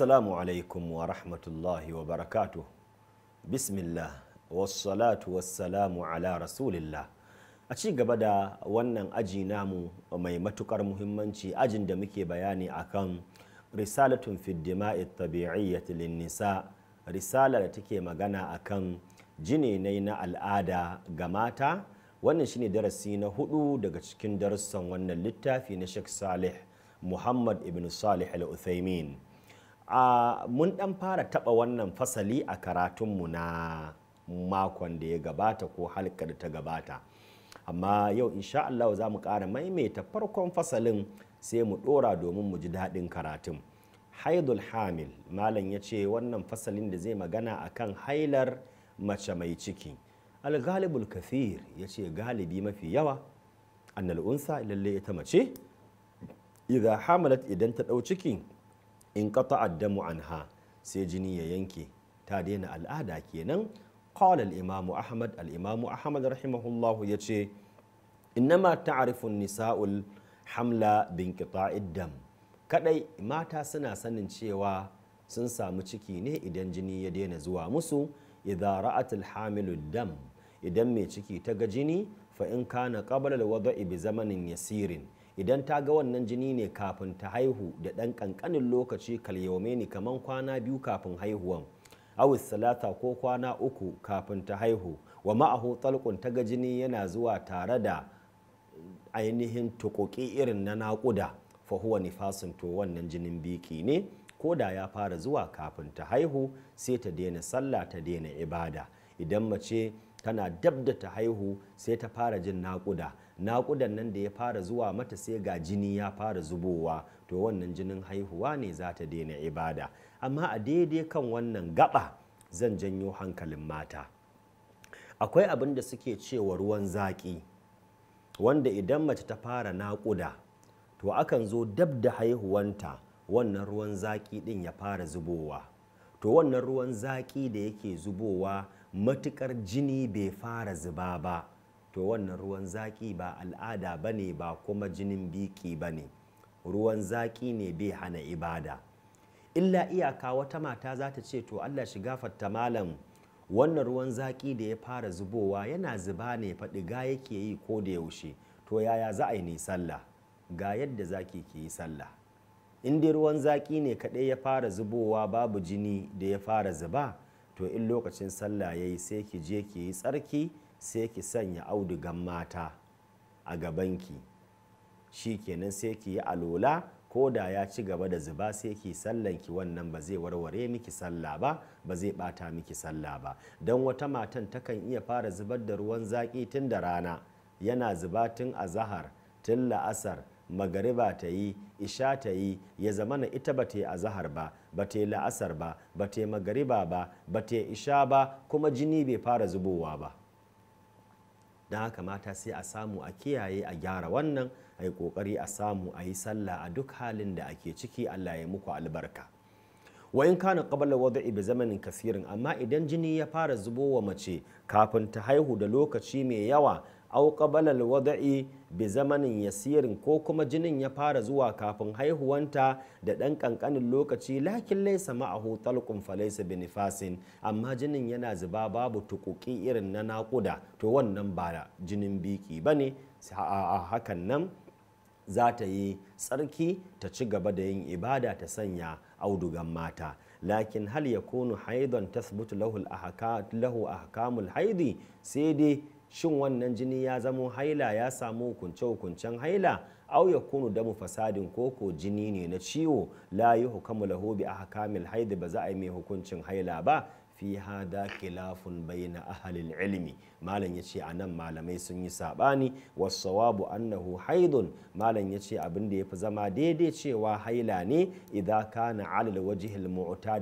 Assalamu alaikum wa rahmatullahi wa barakatuh. Bismillah, wassalatu wassalamu ala rasulillah. A ci gaba da wannan aji namu mai matukar muhimmanci ajin da muke bayani akan risalatun fiddima'i tabi'iyyati nisa risala da take magana akan jininai na al'ada ga mata wannan shine darasi na hudu daga cikin darussan wannan littafi na Sheikh Salih Muhammad ibn Salih al uthaymeen a mun dan fara taba wannan fasali a karatunmu na makon da ya gabata ko halkar da ta gabata amma yau insha Allah za mu ƙara maimaita farkon fasalin sai mu ɗora domin mu ji daɗin karatun haidul hamil malam ya ce wannan fasalin da zai magana akan hailar mace mai ciki alghalibul kafir ya ce galibi mafi yawa annal unsa lalle ita mace idan ta ɗau ciki in qata addamu anha sai jini ya yanke ta daina al'ada kenan qala al-imam ahmad al-imam ahmad rahimahullah yace innama ta'rifu nisa'ul hamla bin qita'id dam kadai mata suna sanin cewa sun samu ciki ne idan jini ya daina zuwa musu idza ra'at al-hamilu dam idan mai ciki ta ga jini fa in kana qabla al-wada'i bi zamanin yasirin idan ta ga wannan jini ne kafin ta haihu da ɗan ƙanƙanin lokaci kalyaume ne kaman kwana biyu kafin haihuwan awis salata ko kwana uku kafin ta haihu wa ma'ahu tsalkun ta ga jini yana zuwa tare da ainihin tukuki irin na naƙuda fa huwa nifasin to wannan jinin biki ne ko da ya fara zuwa kafin ta haihu sai ta daina sallah ta daina ibada idan mace tana dab da ta haihu sai ta fara jin naƙuda naƙudan nan da ya fara zuwa mata sai ga jini ya fara zubowa to wannan jinin haihuwa ne za ta daina ibada amma a daidai kan wannan gaba zan janyo hankalin mata akwai abin da suke cewa ruwan zaƙi wanda idan mace ta fara naƙuda to akan zo dab da haihuwanta wannan ruwan zaƙi ɗin ya fara zubowa to wannan ruwan zaƙi da yake zubowa matuƙar jini bai fara zuba ba to wannan ruwan zaƙi ba al'ada ba ne ba kuma jinin biki ba ne ruwan zaƙi ne bai hana ibada illa iyaka wata mata za ta ce to allah shi gafarta malam wannan ruwan zaƙi da ya fara zubowa yana zuba ne faɗiga yake yi ko da yaushe to yaya za a yi ni sallah ga yadda zaki ke yi sallah in dai ruwan zaƙi ne kaɗai ya fara zubowa babu jini da ya fara zuba to in lokacin sallah ya yi sai ki je ki yi tsarki sai ki sanya audugan mata a gabanki shi kenan sai ki yi alola ko da ya ci gaba da zuba sai ki sallanki wannan ba zai warware miki sallah ba ba zai bata miki sallah ba don wata matan takan iya fara zubar da ruwan zaƙi tun da rana yana zuba tun a zahar tun la'asar magariba ta yi isha ta yi ya na ita ba ta yi azahar ba ba ta yi la'asar ba ba ta yi magariba ba ba ta yi isha ba kuma jini bai fara zubowa ba don haka mata sai a samu a kiyaye a gyara wannan a yi kokari a samu a yi sallah a duk halin da ake ciki allah ya muku albarka wa in kana qabla wada'i bi zamanin kasirin amma idan jini ya fara zubo wa mace kafin ta haihu da lokaci mai yawa au qabalal wada'i bi zamanin yasirin ko kuma jinin ya fara zuwa kafin haihuwanta da ɗan kankanin lokaci lakin laisa ma'ahu talqun falaisa bi amma jinin yana zuba babu tukuki irin na naƙuda to wannan ba jinin biki bane a hakan nan za ta yi tsarki ta ci gaba da yin ibada ta sanya audugan mata lakin hal ya kunu haidon tasbutu lahu ahkamul haidi sai dai shin wannan jini ya zamo haila ya samu hukunce hukuncen haila au ya kunu mu fasadin koko jini ne na ciwo la yi hukamu lahu bi ahkamil haidi ba za a yi mai hukuncin haila ba fi hada khilafun bayna ahlil ilmi malam ya ce a nan malamai sun yi saɓani wasawabu annahu haidun malam ya ce abin da ya fi zama daidai cewa haila ne idan kana alal wajihil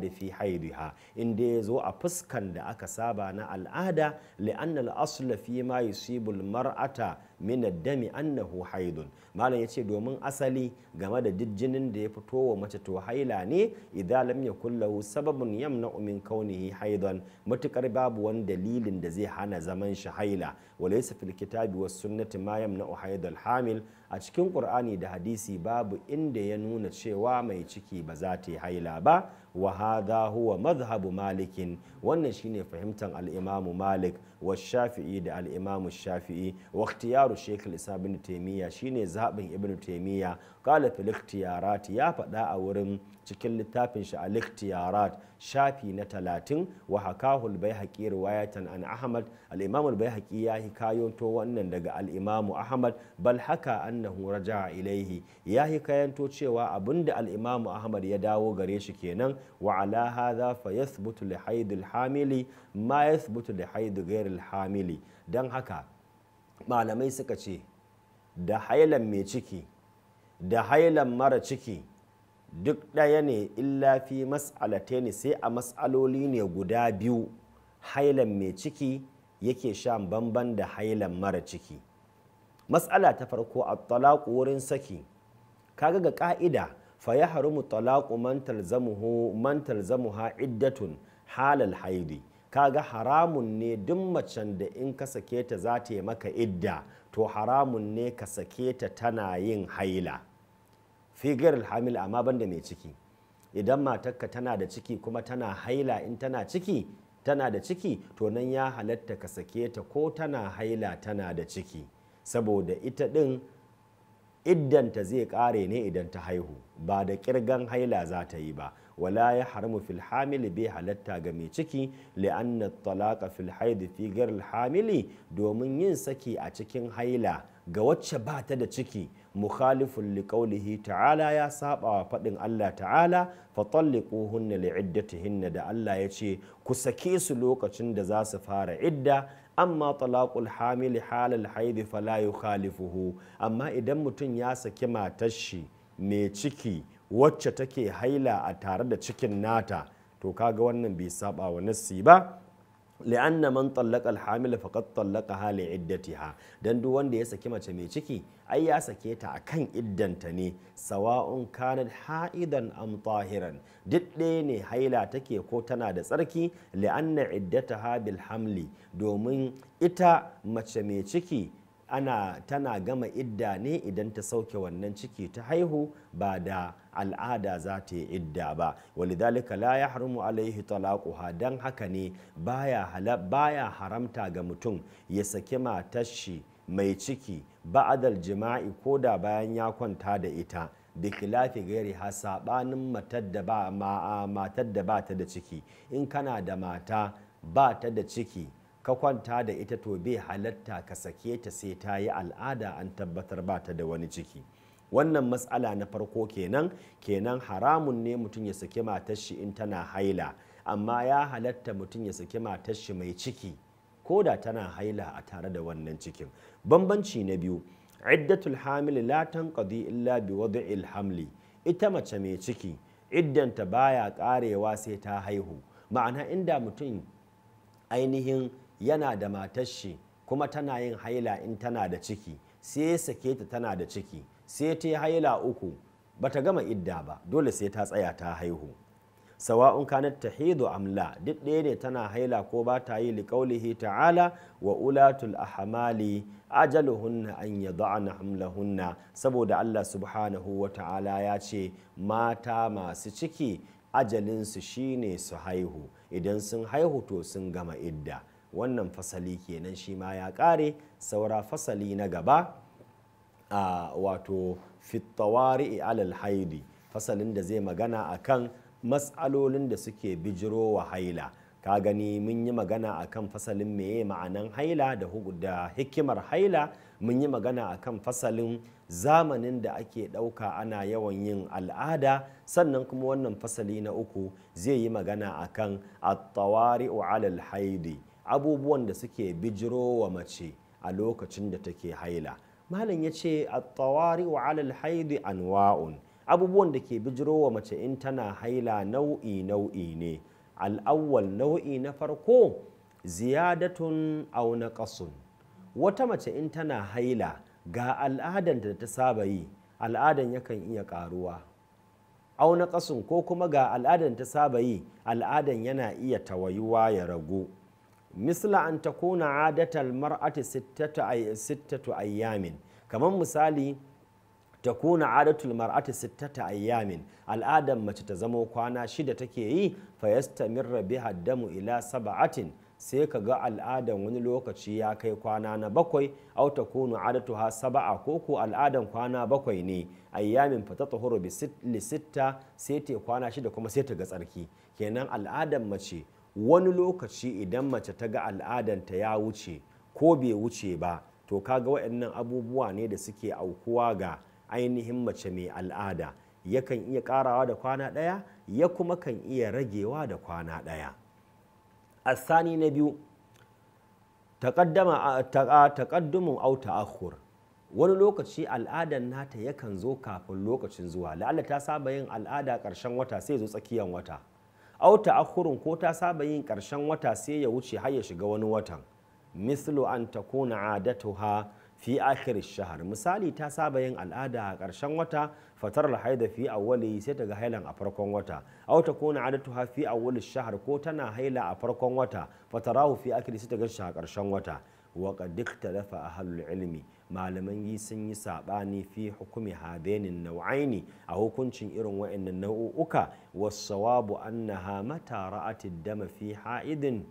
da fi haidiha in inda ya zo a fuskan da aka saba na al'ada li'annal asla fi ma yusibul mar'ata min dami annahu haidun malam yace domin asali game da duk jinin da ya fito wa mace to haila ne idan lam yakul lahu sababun yamna min kaunihi haidan matukar babu wani dalilin da zai hana zaman sunan shi haila walaysa fil kitabi was sunnati ma yamna'u haidal hamil a cikin qur'ani da hadisi babu inda ya nuna cewa mai ciki ba za ta yi haila ba wa hadha huwa madhhabu malikin wannan shine fahimtar al-imam malik wa shafi'i da al-imam shafi'i wa ikhtiyaru shaykh al-islam ibn taymiya shine zabin ibn taymiya qala fil ikhtiyarat ya faɗa a wurin cikin littafin shi al-ikhtiyarat shafi na talatin wa hakahul baihaqi riwayatan an ahmad al-imam al-baihaqi ya hikayanto wannan daga al ahmad bal haka annahu raja'a ilaihi ya kayanto cewa abinda al-imam ahmad ya dawo gare shi kenan wa ala hadha fa yathbutu li haidil hamili ma yathbutu li haid ghairil hamili dan haka malamai suka ce da hailan mai ciki da hailan mara ciki duk ɗaya ne illa fi mas'alate ne sai a mas'aloli ne guda biyu hailan mai ciki yake shan bamban da hailan mara ciki mas'ala ta farko a talaku wurin saki kaga ga ka'ida fa ya mu talaku mantar talzamuhu man talzamuha iddatun halal haidi kaga haramun ne duk macen da in ka sake ta za ta yi maka idda to haramun ne ka sake ta tana yin haila figar hamil amma banda mai ciki idan matakka tana da ciki kuma tana haila in tana ciki tana da ciki to nan ya halatta ka sake ta ko tana haila tana da ciki saboda ita ɗin iddanta zai kare ne idan ta haihu ba da kirgan haila za ta yi ba wala ya haramu fil hamili bai halatta ga mai ciki li'anna talaqa fil haidi fi hamili domin yin saki a cikin haila ga wacce ba ta da ciki mukhalifun liƙaulihi ta'ala ya saba wa faɗin Allah ta'ala fa ta hinna da Allah ya ce ku sake su lokacin da za su fara idda amma talaqul hamili halal haidi fala yukhalifuhu amma idan mutum ya saki matar shi mai ciki wacce take haila a tare da cikin nata to kaga wannan bai saba wa nassi ba li'anna man tallaka alhamil tsallaka tallaqaha li iddatiha dan duk wanda ya saki mace mai ciki ai ya sake ta a kan iddanta ne sawa'un kanat ha'idan am tahiran duk ɗaya ne haila take ko tana da tsarki li'anna iddataha bil hamli domin ita mace mai ciki ana tana gama idda ne idan ta sauke wannan ciki ta haihu ba da al'ada za ta yi idda ba dalika la ya yahrumu alaihi ha don haka ne baya ya haramta ga mutum ya saki matar shi mai ciki ba'adar jima'i ko da bayan ya kwanta da ita da kilafi gairi ha sabanin matar da bata da ba ta da ciki in kana da mata ba ta da ciki ka kwanta da ita to bai halatta ka sake ta sai ta yi al'ada an tabbatar ba ta da wani ciki wannan matsala na farko kenan kenan haramun ne mutum ya saki matar in tana haila amma ya halatta mutum ya saki matar shi mai ciki ko da tana haila a tare da wannan cikin bambanci na biyu iddatul hamil la tanqadi illa bi wad'il hamli ita mace mai ciki iddanta baya karewa sai ta haihu ma'ana inda mutum ainihin yana da matar kuma tana yin haila in tana da ciki sai ya sake ta tana da ciki sai ta yi haila uku bata gama idda ba dole sai ta tsaya ta haihu sawa'un kanat tahidu amla duk ɗaya ne tana haila ko ba ta yi liƙaulihi ta'ala wa ulatul ahmali ajaluhunna an yad'ana hamlahunna saboda Allah subhanahu wa ta'ala ya ce mata masu ciki ajalinsu shine su haihu idan sun haihu to sun gama idda wannan fasali kenan shi ma ya ƙare saura fasali na gaba a wato fitawari alal haidi fasalin da zai magana akan matsalolin da suke bijiro wa haila ka gani mun yi magana akan fasalin meye ma'anan haila da hikimar haila mun yi magana akan fasalin zamanin da ake ɗauka ana yawan yin al'ada sannan kuma wannan fasali na uku zai yi magana akan at-tawari'u alal haidi abubuwan da suke bijiro wa mace a lokacin da take haila malam ya ce a tsawari wa alal haidi anwa'un abubuwan da ke bijiro wa mace in tana haila nau'i nau'i ne al'awwal nau'i na farko ziyadatun au naqasun wata mace in tana haila ga al'adan da ta saba yi al'adan yakan iya karuwa au naqasun ko kuma ga al'adan ta saba yi al'adan yana iya tawayuwa ya ragu misla an takuna adatal mar'ati sittatu ayyamin kamar misali takuna adatul mar'ati sittata ayyamin al'adar mace ta zamo kwana shida take yi fa yastamirra biha haddamu ila saba'atin sai ka ga al'adan wani lokaci ya kai kwana na bakwai au ta adatu ha saba'a ko ko al'adan kwana bakwai ne ayyamin fata tahuru bi sitta sai ta kwana shida kuma sai ta ga tsarki kenan al'adan mace wani lokaci idan mace ta ga al'adanta ya wuce ko bai wuce ba to kaga waɗannan abubuwa ne da suke aukuwa ga ainihin mace mai al'ada yakan iya ƙarawa da kwana ɗaya ya kuma kan iya ragewa da kwana ɗaya asani na biyu taƙaddumin Auta Akhur, wani lokaci al'adan nata yakan zo kafin lokacin zuwa la'alla ta saba yin al'ada ƙarshen wata sai zo tsakiyar wata au ta'akhurun ko ta saba yin karshen wata sai ya wuce har ya shiga wani watan mislu an takuna adatuha fi akhir shahar misali ta saba yin al'ada a karshen wata fatar haida fi awwali sai ta ga hailan a farkon wata au ta kuna adatuha fi awwali shahar ko tana haila a farkon wata fatarahu fi akhir sai ta ga shi a karshen wata wa qad ikhtalafa ahlul ilmi malaman yi sun yi saɓani fi hukumi habenin nau'aini a hukuncin irin wa'annan nau'uka wasawabu annaha mata ra'atid dama fi ha'idin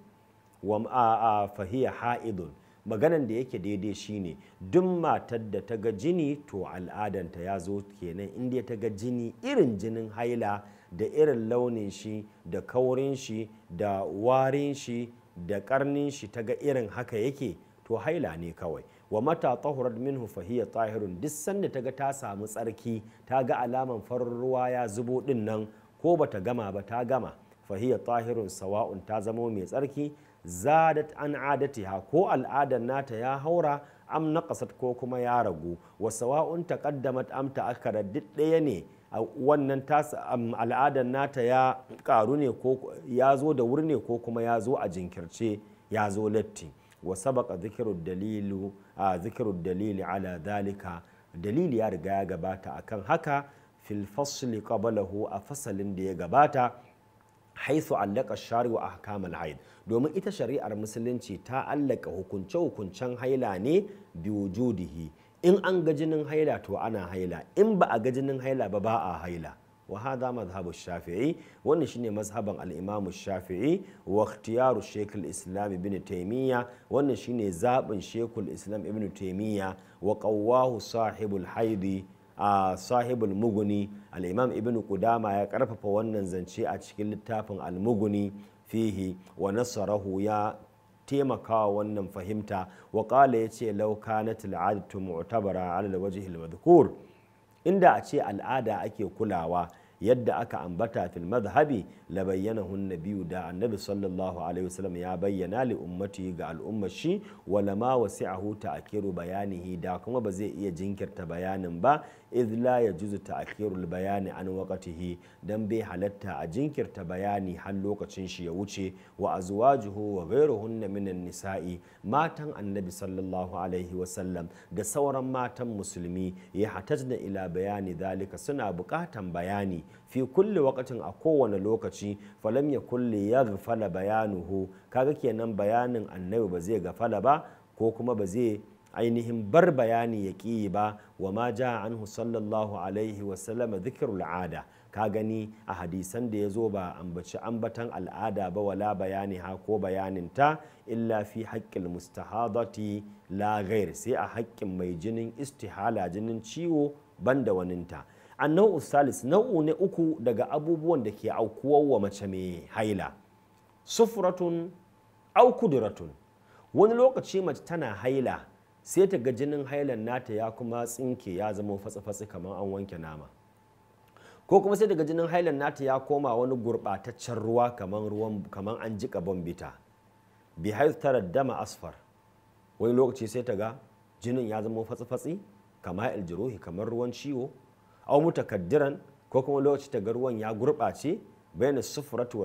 wa a fahiya ha'idun maganan da yake daidai shine duk matar da ta ga jini to al'adanta ya zo kenan inda ta ga jini irin jinin haila da irin launin shi da kaurin shi da warin shi da karnin shi ta ga irin haka yake to haila ne kawai wa mata tahurat minhu fahiya tahirun duk sanda ta ga ta samu tsarki ta ga alaman farin ruwa ya zubo din nan ko bata gama ba ta gama fahiya tahirun sawa'un ta zamo mai tsarki zadat an adatiha ko al'adar nata ya haura am naqasat ko kuma ya ragu wa sawa'un taqaddamat am ta'akkara duk ɗaya ne wannan al'adar nata ya karu ya zo da wuri ne ko kuma ya zo a jinkirce ya zo latti wa sabaqa dhikru dalilu dalili ala dhalika dalili ya riga ya gabata akan haka fil fasli qablahu a fasalin da ya gabata haithu allaka shari'u ahkamul haid domin ita shari'ar musulunci ta allaka hukunce hukuncen haila ne bi wujudihi in an ga jinin haila to ana haila in ba a ga jinin haila ba ba a haila wa hada shafi'i wannan shine mazhaban al-imam shafi'i wa shekul islam ibn taimiyya wannan shine zabin shekul islam ibn taimiyya wa qawwahu sahibul haidi a sahibul muguni al-imam ƙudama ya karfafa wannan zance a cikin littafin al'muguni fihi wa nasarahu ya taimakawa wannan fahimta wa qala yace lauka na al-'adatu mu'tabara 'ala al-wajhi al-madhkur inda a ce al'ada ake kulawa yadda aka ambata fil madhhabi la bayyanahu an-nabiyyu da annabi sallallahu alaihi wasallam ya bayyana li ummati ga al'ummar shi wala ma wasi'ahu ta'kiru bayanihi da kuma ba zai iya jinkirta bayanin ba izla iz la a ta'khirul bayani an waqtihi dan bai halatta a jinkirta bayani har lokacin shi ya wuce wa azwajuhu wa ghayruhunna minan nisa'i matan annabi sallallahu alaihi wa da sauran matan musulmi ya da ila bayani dalika suna bukatan bayani fi kulli waqtin a kowane lokaci falam ya kulli yaghfala bayanuhu kaga kenan bayanin annabi ba zai gafala ba ko kuma ba zai ainihin bar bayani ya ƙi ba wa ma ja anhu sallallahu alaihi wasallama zikirul ada ka gani a hadisan da ya zo ba ambaci ambatan al'ada ba wala bayani ha ko ta illa fi haƙƙin mustahadati la ghair sai a haƙƙin mai jinin istihala jinin ciwo ban banda waninta annau salis nau'u ne uku daga abubuwan da ke aukuwar wa mace mai haila sufuratun au kuduratun wani lokaci mace tana haila sai ta ga jinin hailan nata ya kuma tsinke ya zama fatsi-fatsi kamar an wanke nama ko kuma sai daga jinin hailan nata ya koma wani gurbataccen ruwa kamar kamar an jiƙa bombita bi tara dama asfar wani lokaci sai ta ga jinin ya zama fatsi-fatsi kamar aljiruhi kamar ruwan ciwo au mutakaddiran ko kuma lokaci ta ga ruwan ya gurɓace bayan sufuratu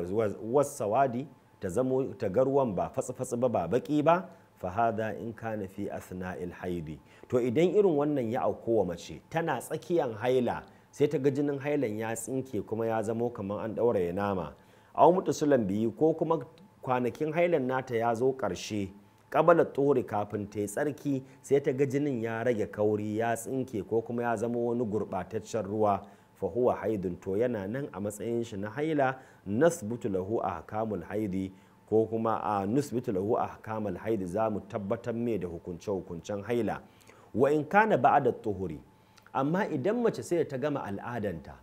was sawadi ta zama ta ga ruwan ba fatsi-fatsi ba ba baki ba fahada in kana fi asna'il haidi to idan irin wannan ya aukowa mace tana tsakiyan haila sai ta ga jinin hailan ya tsinke kuma ya zamo kamar an ɗauraye nama a mutu sulan biyu ko kuma kwanakin hailan nata ya zo ƙarshe ƙabalar tsori kafin ta yi tsarki sai ta ga jinin ya rage kauri ya tsinke ko kuma ya zama wani gurɓataccen ruwa fahuwa haidun to yana nan a matsayin shi na haila nasbutu lahu a hakamul haidi ko kuma a nusbitu lahu ahkamal haidu za mu tabbatar mai da hukunce hukuncen haila wa in kana da tuhuri amma idan mace sai ta gama al'adanta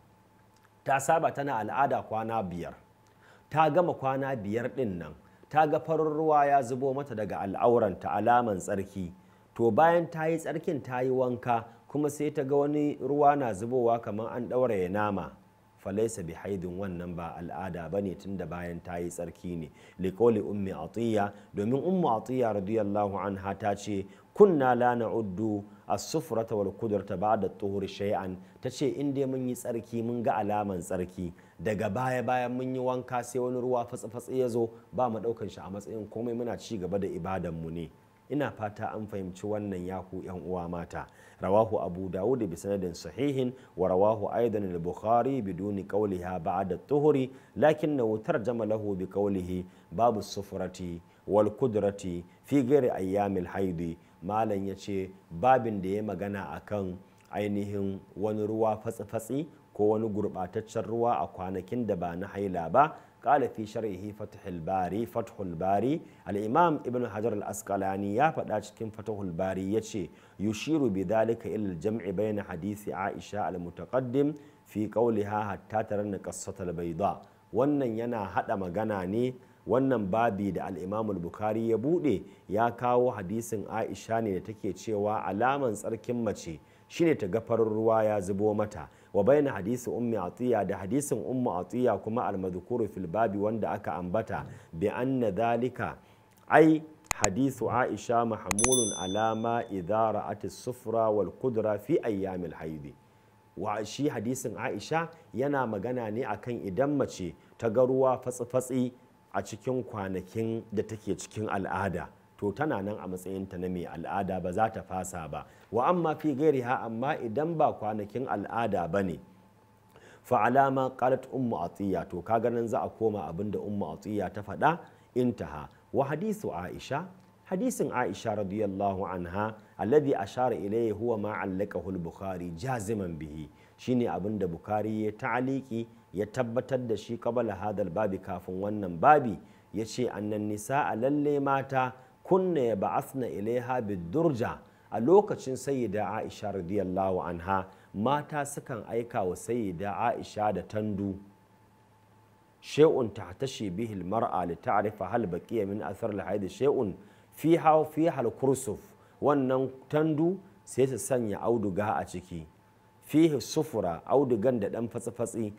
ta saba tana al'ada kwana biyar ta gama kwana biyar din nan ta ga farin ruwa ya zubo mata daga al'auranta alaman tsarki to bayan ta yi tsarkin ta yi wanka kuma sai ta ga wani ruwa na zubowa kamar an ɗauraye nama falaisa bi haidin wannan ba al'ada ba ne da bayan ta yi tsarki ne likoli ummi atiya domin ummu atiya radiyallahu anha ta ce kunna la na'uddu as-sufrata wal ba da tuhur shay'an tace in dai mun yi tsarki mun ga alaman tsarki daga baya bayan mun yi wanka sai wani ruwa fatsa-fatsa ya zo ba mu daukan shi a matsayin komai muna ci gaba da ibadan mu ne ina fata an fahimci wannan yaku yan uwa mata rawahu abu dawud bi sanadin sahihin wa rawahu aidan al-bukhari biduni qawliha ba'da tuhuri lakinna tarjama lahu bi qawlihi babu sufurati wal kudrati fi ghairi ayyamil haidi malam yace babin da ya magana akan ainihin wani ruwa fatsi-fatsi ko wani gurɓataccen ruwa a kwanakin da ba na haila ba قال في شرعه فتح الباري فتح الباري الإمام ابن حجر الأسقلاني يا فتاش كم فتح الباري يتشي يشير بذلك إلى الجمع بين حديث عائشة المتقدم في قولها حتى ترن قصة البيضاء wannan yana hada magana ne wannan babi da al'imamul bukari ya bude ya kawo hadisin aisha ne da take cewa alaman tsarkin mace shine ta ga farin ruwa ya zubo mata wa baina hadisi ummi atiya da hadisin ummu atiya kuma almadhkuru fil babi wanda aka ambata bi anna dalika ai hadisu aisha mahmulun alama idza ra'at sufra wal qudra fi ayyamil haidi wa shi hadisin aisha yana magana ne akan idan mace ta ga ruwa fatsi-fatsi a cikin kwanakin da take cikin al'ada to tana nan a matsayinta na mai al'ada ba za ta fasa ba wa amma fi ha, amma idan ba kwanakin al'ada ba ne fa alama qalat ummu atiya to kaga nan za a koma abinda ummu atiya ta faɗa intaha wa hadisu aisha hadisin aisha radiyallahu anha alladhi ashara ilayhi huwa ma allaqahu al-bukhari jaziman bihi shine abinda bukhari ya ta'aliki ya tabbatar da shi qabala hadal babi kafin wannan babi yace annan nisa lalle mata kunna ya ba'athna ilaiha bidurja a lokacin sayyida Aisha radiyallahu anha mata sukan aika wa sayyida Aisha da tandu shay'un tahtashi bihi almar'a li ta'rifa hal baqiya min athar alhayd shay'un fiha fihal kursuf wannan tandu sai ta sanya auduga a ciki fihi sufura audugan da dan fatsi-fatsi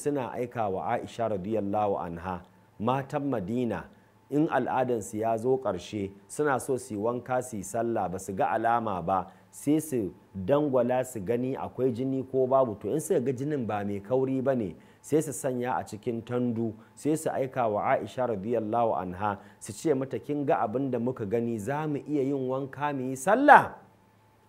suna aika wa aisha radiyallahu anha matan madina in al'adansu ya zo ƙarshe suna so su yi wanka su yi sallah ba su ga alama ba sai su dangwala su gani akwai jini ko babu to in suka ga jinin ba mai kauri ba ne sai su sanya a cikin tandu sai su aika wa aisha radiyallahu anha su ce mata kin ga abin da muka gani za mu iya yin wanka mu yi sallah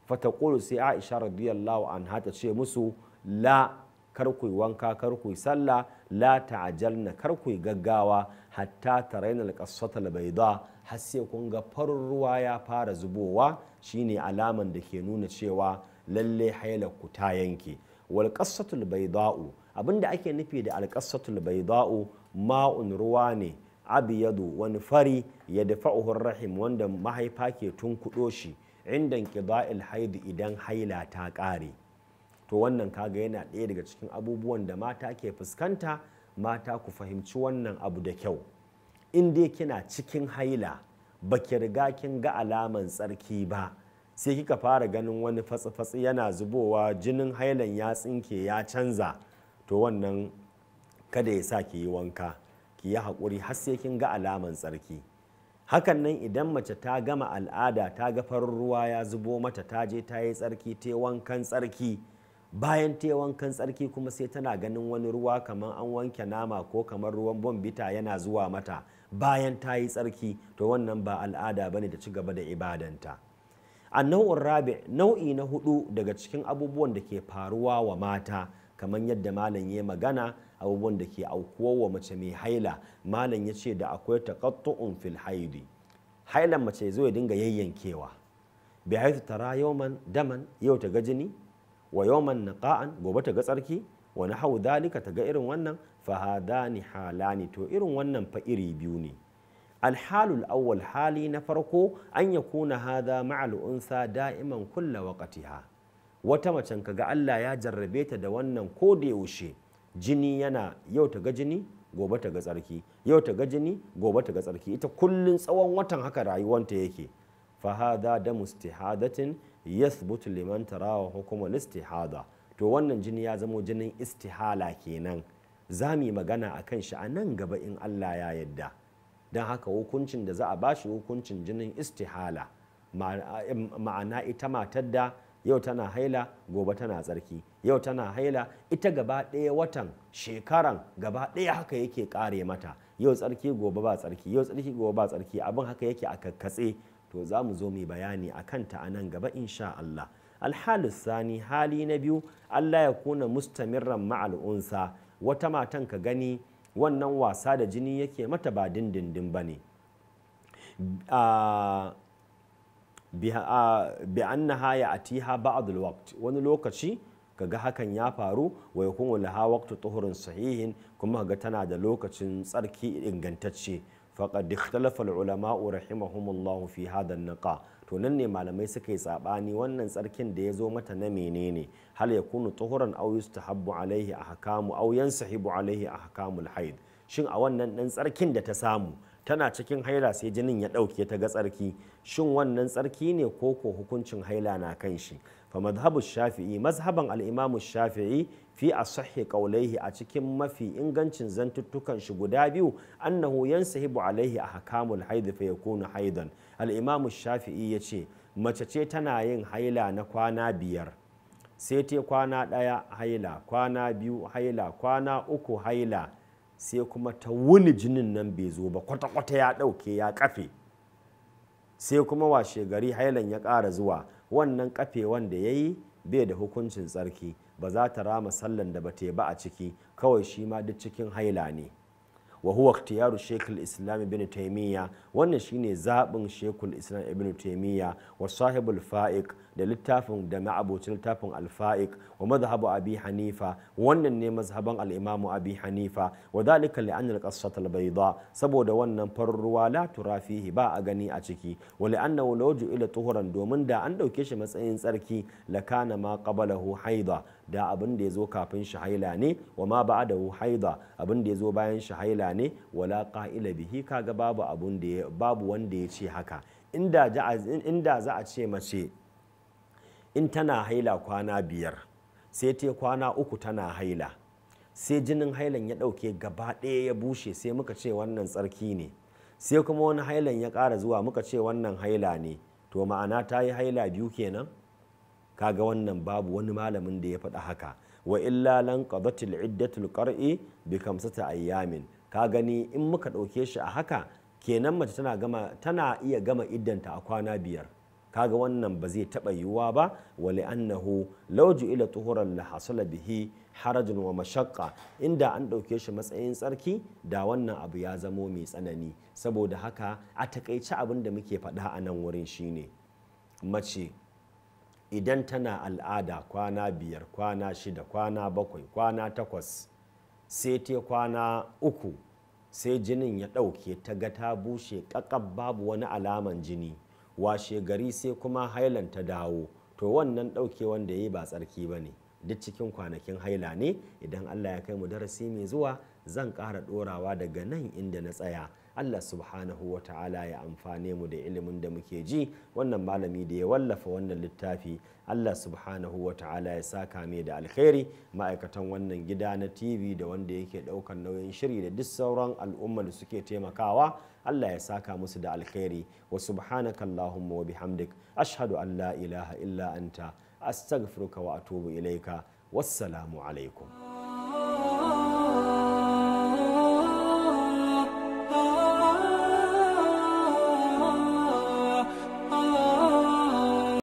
fata sai aisha radiyallahu anha ta ce musu la kar ku yi wanka kar ku yi sallah la ta'jalna kar ku yi gaggawa hatta taraina al-bayda har sai kun ga farin ruwa ya fara zubowa shine alaman da ke nuna cewa lalle hailar ku ta yanke wal al-bayda abinda ake nufi da al-bayda ma'un ruwa ne abiyadu wani fari ya dafa'uhu rahim wanda mahaifa ke tunkudo shi inda qida'il haid idan haila ta kare. to wannan kaga yana ɗaya daga cikin abubuwan da mata ke fuskanta mata ku fahimci wannan abu da kyau in dai kina cikin haila ba ki riga kin ga alaman tsarki ba sai kika fara ganin wani fatsi-fatsi yana zubowa jinin hailan ya tsinke ya canza to wannan kada ya sa ki yi wanka ki yi haƙuri har sai kin ga alaman tsarki hakan nan idan mace ta gama al'ada ta ga farin ruwa ya zubo mata ta je ta yi tsarki ta yi wankan tsarki bayan ta wankan tsarki kuma sai tana ganin wani ruwa kamar an wanke nama ko kamar ruwan bombita yana zuwa mata bayan ta yi tsarki to wannan ba al'ada bane da ci gaba da ibadanta a nau'in rabi nau'i na hudu daga cikin abubuwan da ke faruwa wa mata kamar yadda malam ya magana abubuwan da ke aukuwa wa mace mai haila malam ya ce da akwai taqattu'un fil haidi hailan mace zai dinga yayyankewa bi haitu tara yawman daman yau ta ga jini wa yawman niqa'an gobe ta ga tsarki wa hau dalika ta ga irin wannan fa hadani halani to irin wannan fa iri biyu ne alhalul awwal hali na farko an yakuna hadha ma'al unsa da'iman kulla waqtiha wata macen ga Allah ya jarrabe ta da wannan ko da yaushe jini yana yau ta ga jini gobe ta ga tsarki yau ta ga jini gobe ta ga tsarki ita kullun tsawon watan haka rayuwanta yake fahada da mustihadatin yathbutu liman tarawa hukumar istihada to wannan jini ya zamo jinin istihala kenan za mu yi magana a kan shi a nan gaba in Allah ya yadda don haka hukuncin da za a bashi hukuncin jinin istihala ma'ana ita matar da yau tana haila gobe tana tsarki yau tana haila ita gaba ɗaya watan shekaran gaba ɗaya haka yake ƙare mata yau tsarki gobe ba tsarki yau tsarki gobe ba tsarki abin haka yake a kakkatse to za mu zo mu bayani a kanta a nan gaba insha Allah alhalis sani hali na biyu Allah ya kuna mustamirran ma'al unsa wata matan ka gani wannan wasa da jini yake mata ba dindindin ba ne bi annaha ya atiha ba'd waqt wani lokaci kaga hakan ya faru wa yakunu laha waqtu tuhurin sahihin kuma ga tana da lokacin tsarki ingantacce faqad ikhtalafa ulama rahimahumullahu fi hadha niqa to nan ne malamai suka yi sabani wannan tsarkin da ya zo mata na menene hal ya kunu tuhuran aw yustahabbu alaihi ahkamu aw yansahibu alaihi ahkamul haid shin a wannan dan tsarkin da ta samu tana cikin haila sai jinin ya dauke ta ga tsarki shin wannan tsarki ne ko ko hukuncin haila na kan shi fa madhhabu shafi'i mazhaban al-imamu shafi'i fi sahi kaulaihi a cikin mafi ingancin zantuttukan shi guda biyu annahu yansahibu alaihi a hakamul haidu fa yakunu haidan al-imam shafi'i ce mace ce tana yin haila na kwana biyar sai ta kwana ɗaya haila kwana biyu haila kwana uku haila sai kuma ta wuni jinin nan bai zo ba kwata-kwata ya ɗauke ya kafe sai kuma washe gari hailan ya ƙara zuwa wannan kafe wanda ya yi bai da hukuncin tsarki ba za ta rama sallan da ba ta ba a ciki kawai shi ma duk cikin haila ne wa huwa ikhtiyaru shekul islam ibn taymiya wannan shine zabin shekul islam ibn taymiya wa sahibul fa'iq da littafin da ma'abocin littafin al-fa'iq wa madhhabu abi hanifa wannan ne mazhaban al-imamu abi hanifa wa dhalika li anna al al-bayda saboda wannan farruwa la turafihi ba a gani a ciki wa li annahu lawju ila tuhuran domin da an dauke shi matsayin tsarki lakana ma qablahu haida da abin da ya zo kafin shi ne wa ma ba da haida abin da ya zo bayan shi ne wala qa'ila bihi kaga babu abun da babu wanda ya ce haka inda inda za a ce mace in tana haila kwana biyar sai ta kwana uku tana haila sai jinin hailan ya dauke gaba ɗaya ya bushe sai muka ce wannan tsarki ne sai kuma wani hailan ya kara zuwa muka ce wannan haila ne to ma'ana ta yi haila biyu kenan kaga wannan babu wani malamin da ya faɗa haka wa illa lan qadatil iddatul qar'i bi kamsata ayyamin ka gani in muka ɗauke shi a haka kenan mace tana gama tana iya gama iddanta a kwana biyar kaga wannan ba zai taɓa yiwuwa ba wa li'annahu law ila tuhuran la hasala bihi harajin wa mashaqqa inda an ɗauke shi matsayin tsarki da wannan abu ya zamo mai tsanani saboda haka a takaice abin da muke faɗa a nan wurin shine mace idan tana al'ada kwana biyar kwana shida kwana bakwai kwana takwas sai ta kwana uku sai jinin ya ɗauke ta ga ta bushe ƙaƙab babu wani alaman jini washe gari sai kuma hailan ta dawo to wannan ɗauke wanda ya yi ba tsarki ba ne duk cikin kwanakin haila ne idan allah ya kai mu darasi mai zuwa zan ƙara ɗorawa daga nan inda na tsaya Allah subhanahu wa ta'ala ya amfane mu da ilimin da muke ji wannan malami da ya wallafa wannan littafi Allah subhanahu wa ta'ala ya saka mai da alkhairi ma'aikatan wannan gida na TV da wanda yake ɗaukan nauyin shiri da duk sauran al'umma da suke taimakawa Allah ya saka musu da alkhairi wa subhanaka Allahumma wa bihamdik ashhadu an la ilaha illa anta astaghfiruka wa atubu ilaika wassalamu alaikum